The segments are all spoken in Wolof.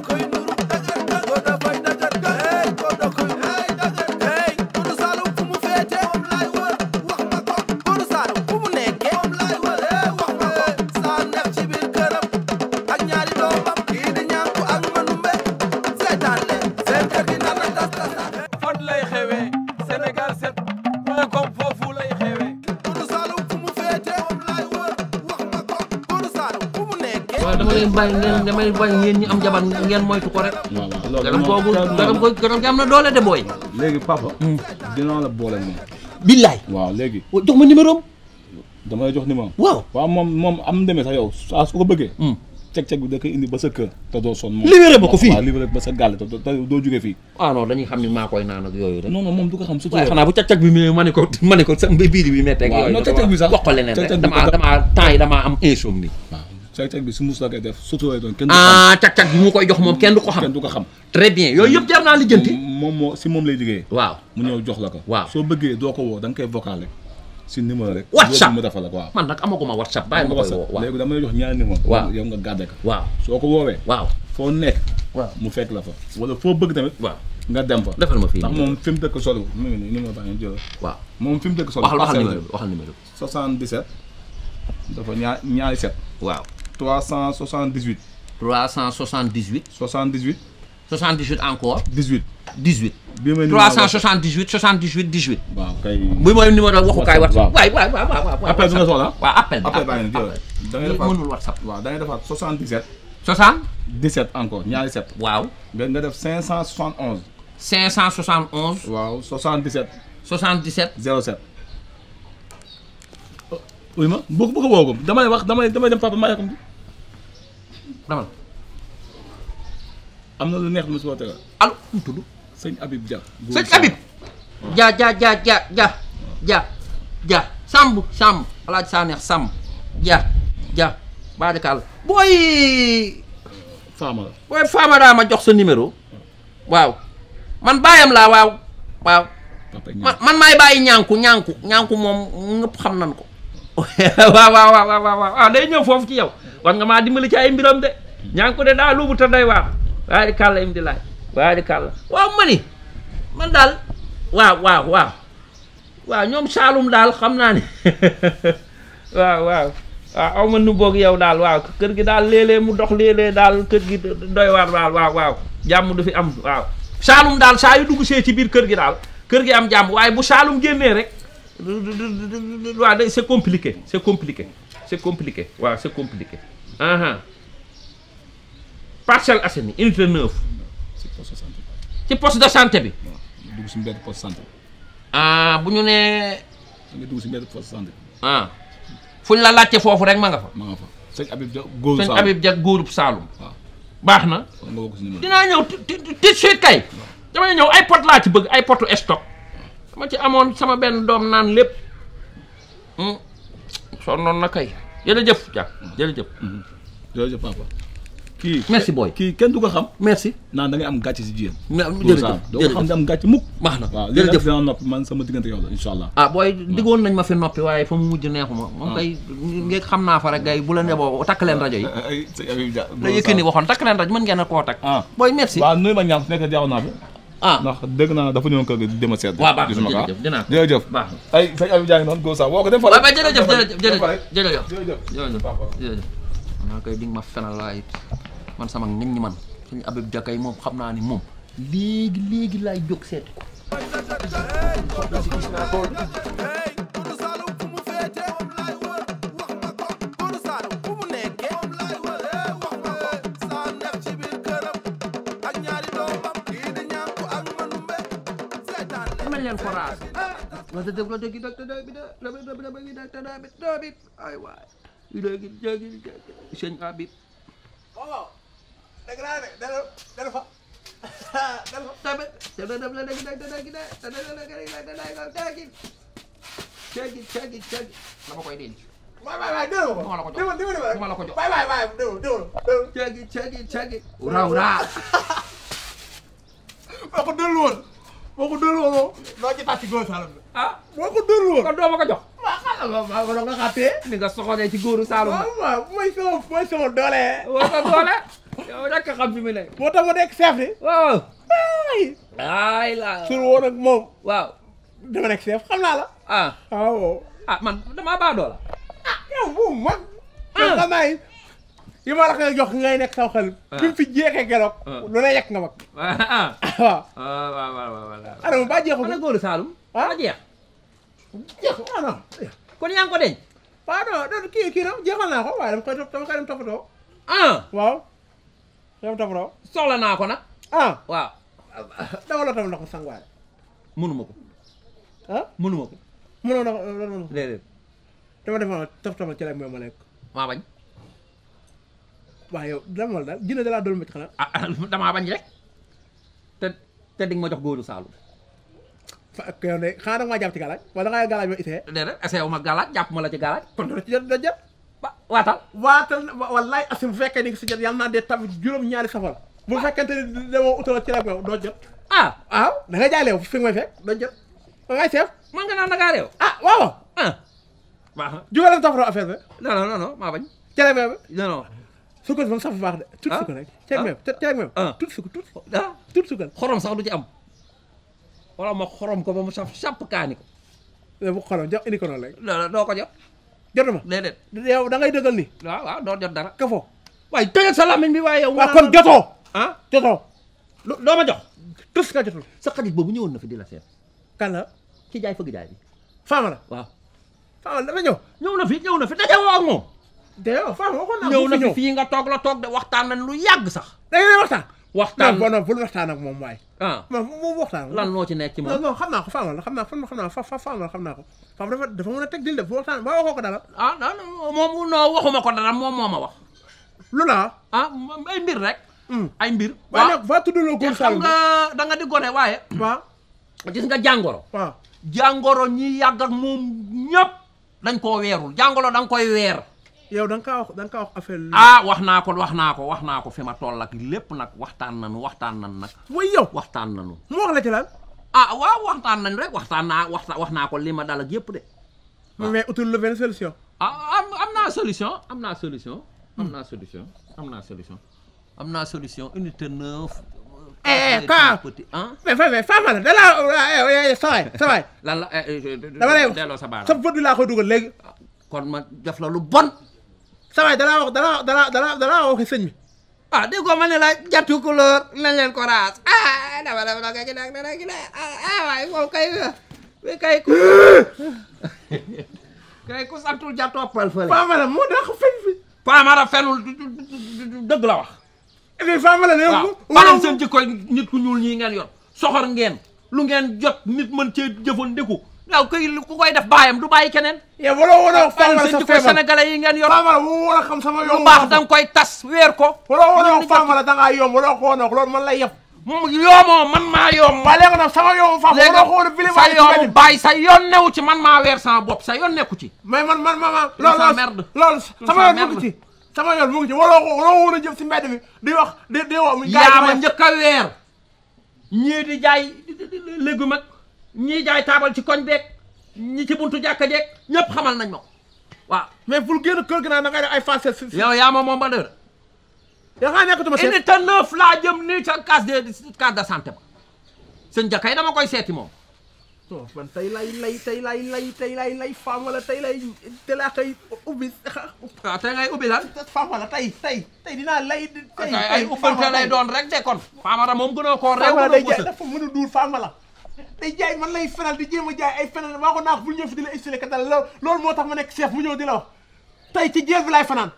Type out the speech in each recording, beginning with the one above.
koy damay bañ ngeen damay bañ ngeen ñi am jabar ngeen moytu ko rek. garam kooku garam ko garam ki am na doole de booy. léegi papa. Hmm. dinaa la boole moom. billaay. waaw léegi. jox ma numéro am. dama lay jox numéro waaw waaw moom moom am demee sax yow saa su ko bëggee. Hmm. ceg-ceg bi da koy indi ba sa kër te doo sonn moom livré ba ko fii waaw livré ba sa gàll te doo jóge fii ah non dañuy xam ni maa koy naan ak yooyu rek non non moom du ko xam surtout xanaa bu ceg-ceg bi mu ma ne ko ma ne ko sa biir bi métteeg yooyu non ceg-ceg bi sax wax ko leneen rek dama dama temps yi dama am insomnie cag-cag su mus la koy def soto lay doon kenn ah mu koy jox moom kenn ko xam kenn du ko xam très bien yooyu yëpp jar naa lijjanti moom moo si moom lay liggéey waaw mu ñëw jox la ko waaw soo bëggee doo ko woo da nga koy vocal rek si numéro rek whatsapp mu defal la waaw man nag ma koy woo léegi dama lay jox ñaari numéro waaw yow nga gàdde ko waaw soo ko woowee waaw foo nekk mu fekk la fa wala foo bëgg tamit waaw nga dem fa defal ma fii ndax fi mu dëkk solo mu ngi nii numéro baa ngi jël waaw moom mu dëkk solo waxal numéro bi waxal numéro bi 77 dafa ñaar set waaw 378. 378. 78. 78 encore. 18. 18. bii mooy numéro 378 78 18. waaw kay. bii mooy numéro waxukaay WhatsApp. waay waay waay waaw appel bi nga soxla. waaw appel appel baa ngi nii da ngay defaat mënul WhatsApp. waaw da ngay defaat 77. 60. 17 encore ñaari 7. waaw nga nga def 571. 571. waaw 77. 77. 07. wuyu ma bu ko bu ko woo ko damay wax damay damay dem papa maa yàqam. demal. am na lu neex mu si woote la. allo mu tudd. sëñ Habib Dia. sëñ Habib. Dia Dia Dia Samb Samb Alaaji Saneex Samb Dia booy. Famara booy ma jox sa numéro. waaw man bàyyam laa waaw. waaw man man maay bàyyi ñànku ñànku ñànku moom ñëpp xam nan ko. waaw waaw waaw day ñëw foofu ci yow war nga maa dimbali ci ay mbiram de ñaa ngi ko de daa luubu te day waaw daal waaw waaw ñoom Saalum daal xam naa ne waaw waaw aw ma nu boog yow daal waaw kër gi daal léeg-léeg mu dox léeg-léeg daal kër gi doy daal waaw waaw jàmm du fi am waaw Saalum daal saa yu dugg see ci biir kër gi daal kër gi am jàmm waaye bu Saalum génnee rek waaw day c'est compliqué c'est compliqué c'est compliqué waaw c'est compliqué aha Parcelles Assainies unité de santé bi dugg si mbedd ah, bu ñu nee nga si mbedd poste ah. fu la laajte foofu rek ma nga fa ma nga fa góorub Saalum baax na dinaa ñëw tout de suite kay damay ñëw ay pot laa ci bëgg ay potu stock ma ci amoon sama benn doom naan lépp hmm. sonnoon na kay jërëjëf jàpp jërëjëf. Mm-hmm. jërëjëf papa. kii kii kenn du xam. merci naan da ngay am gàcce si jigéen. jërëjëf doo ko xam ne am gàcce mukk. baax na waaw jërëjëf dinaa noppi man sama diggante yow la incha allah. ah booy diggoon nañ ma fi noppi waaye fa mu mujj neexuma. ma ah. kay ngeen xam naa fa rek gay bu la neboo takk leen rajo yi. ay ay Habib Dia. la waxoon takk leen rajo mën ngeen a koo takk. Ah. booy merci waaw nuyu ma ñaan su nekk jaaw naa fi. ah ndax dégg naa dafa ñëwoon kër gi dem a seet. waaw baax na ah. jërëjëf dinaa ko jërëjëf baax na ay sëñ Habib Diagne noonu Gosa woo ko dem fa. waaw waaw jërëjëf jërëjëf jërëjëf jërëjëf jërëjëf maa koy di nga ma fenal laay man sama ngañ ñi man sëñ Habib Diagne kay moom xam naa ni moom léegi léegi laay jóg seet ko leen ko raas nga da def la dëgg dag da bi da dabi dabi dabi dag da dabi dabi ay waay yu dëgg dëgg sëñ Habib waaw dëgg laa ne dal dal fa dal fa tabe tabe dab la dëgg dag da dëgg da da da da da da da dëgg cegi cegi cegi dama koy denc waay waay waay déglu ko dama la ko jox dama la ko jox waay waay waay déglu déglu cegi cegi cegi raw raw wax ko déglu woon boo ko dóorul woon noo ci tax ci góor Saalum bi. ah boo ko dóorul woon. kon doo ma ko jox. waaw xaaral ma ma ma nga xàttee. ni nga soxonee ci góoru Saalum bi. waaw waaw mooy sama mooy sama doole. waaw sa doole. yow rek nga xam fi mu ne. moo tax mu nekk chef bi. waaw. ay la. sur woon ak moom. waaw. dama nekk chef xam naa la. ah, ah waaw. ah man damaa baa doola. ah yow bu mag. ah xam naa yi ma la koy jox ngay nekk sa xel. waaw ah. fi mu fi jeexee keroog. Ah. lu ne yegg nga mag. ah waaw. waaw waaw waaw waaw. Adama ba Saalum. ah jeex. jeexul ah ko denc. waaw non naa ko waaye dama koy dama koy dem toppatoo. ah waaw. dama toppatoo. soxla naa ko nag. ah waaw. dama la mu sanguwaale. mënu ma ko. ah mënu ma ko. mënoo ndox loolu mënu ma ko. ci la mooy ma waaw yow lan wala daal jinne dalaa doon métti xanaa. Ah, ah damaa bañ rek te te di nga ma jox góoru Saalum. fa ak ma itee. déedéet essayé wu ma galaaj la bu fekkee ni nga si jot yàlla naa dee tamit juróom-ñaari safara. Ah. da nga jaaleew fi nga may fekk doo jot. da ngay seef. mën nga naan da ngaa ah waaw. ah. waaw. jugaleen safara affaire bi. non non non maa bañ. cere bee ba suukar si moom sax bu baax de. tuut ah? suukar rek ceeb ah? meew ceeb meew. tuut suukar tuut ah tuut ah? sax du ci am wala ma xorom ko ba mu saf sàpp kaani ko. bu xorom jox indi ko noonu rek. non doo ko jox. jotuma déedéet. yow da ngay doo jot dara. kafo waaye tëjal sa lamiñ bi waaye yow. waaw kon jotoo. ah jotoo. loo ma jox. tus ka jotul. sa xarit boobu ñëwoon na fi di la seet. kan la. ci jaay gi jaay bi. faama la waaw. faama la dafa ñëw. ñëw na fi ñëw na yow Fall waxoon naa na fii nga toog la toog de waxtaan nañ lu yàgg sax. da waxtaan. waxtaan non non moom waay. ah lan moo ci nekk ci xam naa ko Fall la xam naa fan xam naa fa fa Fall la xam ko. Fall dafa dafa mën teg dil de bu waxtaan ba waxoo ko dara. ah non ko dara moo ma wax. lu ah, ay mbir rek. Hmm. ay mbir. waaw waaye nag tuddaloo góor xam di gone waaye. waaw gis nga jàngoro. waaw ñi yàgg ak moom ñëpp dañ koo weerul jàngoro danga nga koy weer yow da nga kaa wax da nga kaa wax affaire ah wax naa ko wax naa ko wax naa ko fi ma toll ak lépp nag waxtaan nañu waxtaan nañu nag. way yow waxtaan nañu. mu wax la ci lan. ah waaw waxtaan nañu rek waxtaan naa waxtaan wax naa ko li ma dal ak yëpp de. mais utul lu benn solution. ah am naa solution am naa solution. am naa solution am naa solution. am naa solution unité neuf. eh Ka eh, mais mais Faama la da laa sawaay sawaay. lan la eh, eh, dama lay wax delloo sa baaraam sa bët laa koy dugal léegi. Ah, kon ma def la lu bon. sawaay dalaa wax dalaa dalaa dalaa dalaa waxe sëñ bi ah déggoo ma ne la jattu couleur nañ leen ko raas ah dama dama dama gi nag dana gi nag ah, ah waay moom kay kay ku kay ku santul jàttoppal fële Famara moo dàq fen fi Famara fenul dëgg la wax et puis Famara ne waaw baleen seen jikko nit ku ñuul ñii ngeen yor soxor ngeen lu ngeen jot nit mën cee jëfandiku waaw koy ku koy def baayam du bàyyi keneen. yow waroo war a faamal sa feebar ko sénégalais yi ngeen yor. faamala wu war a xam sama yomb. lu baax da nga koy tas weer ko. waroo war a faamala da ngaa yomb waroo ko nag loolu man lay yab. yoomoo man maa yoom. waaye léegi nag sama yoomu faam. waroo ko woon bilim sa yoomu bàyyi sa yoon newu ci man maa weer sama bopp sa yoon nekku ci. mais man man man man. loolu sa merde loolu sama yoon mu ci. sama yoon mu ngi ci waroo ko waroo woon a jëf si mbedd bi di wax di di wax. yaa ma njëkk a weer ñii di jaay légume ak ñii jaay taabal ci koñ beeg ñi ci buntu jàkka jeeg ñëpp xamal nañ ma ko waaw. mais bul génn kër gi naan da ngay ay fancé. yow yaa ma moom ba dër. yaa ngi nekkatuma seen unité neuf laa jëm nii ca case de case de santé ba sëñ Jakay dama koy seeti moom. non oh, man tey lay lay tey lay lay tey lay lay faam wala tey lay te laa koy ubbi. waaw ah, tey ngay ubbi lan. faam wala tey tey tey dinaa lay. tey ay ubbante lay doon rek de kon. faamara moom gënoo koo réew. faamara day jaay dafa a duul day jaay man lay fenal di jéem a jaay ay fenal waa ko naax bul ñëw fi di la expliqué dal loolu moo tax ma nekk chef mu ñëw di la wax tey ci jéel bi laay fanaan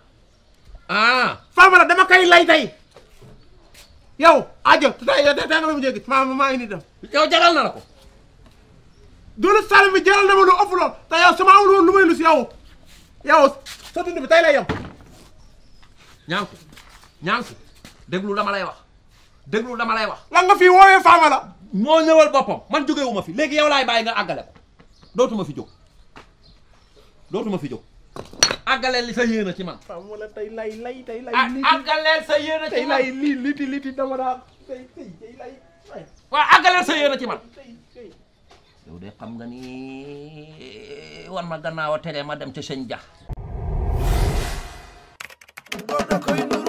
ah Famara dama koy lay tey yow ajo tey yow tey nga ma jéggi maa maa ngi nii dem yow jaral na la ko dolu sall bi jaral na ma loo ëpp lool te yow sama amul woon lu may lu si yow yow sa dund bi tey lay yem ñaanku ñaanku déglu dama lay wax déglu dama lay wax lan nga fii woowee Famara moo ñëwal boppam man jógewuma fi léegi yow laay bàyyi nga àggale ko dootuma fi jóg dootuma fi jóg àggaleel sa yéena ci man. wala tey lay lay tey lay. lii àggaleel sa yéena ci man tey lay lii liti liti àggaleel sa yéena ci man. yow de xam nga ni war gannaaw a tere ma dem ca sëñ Dia.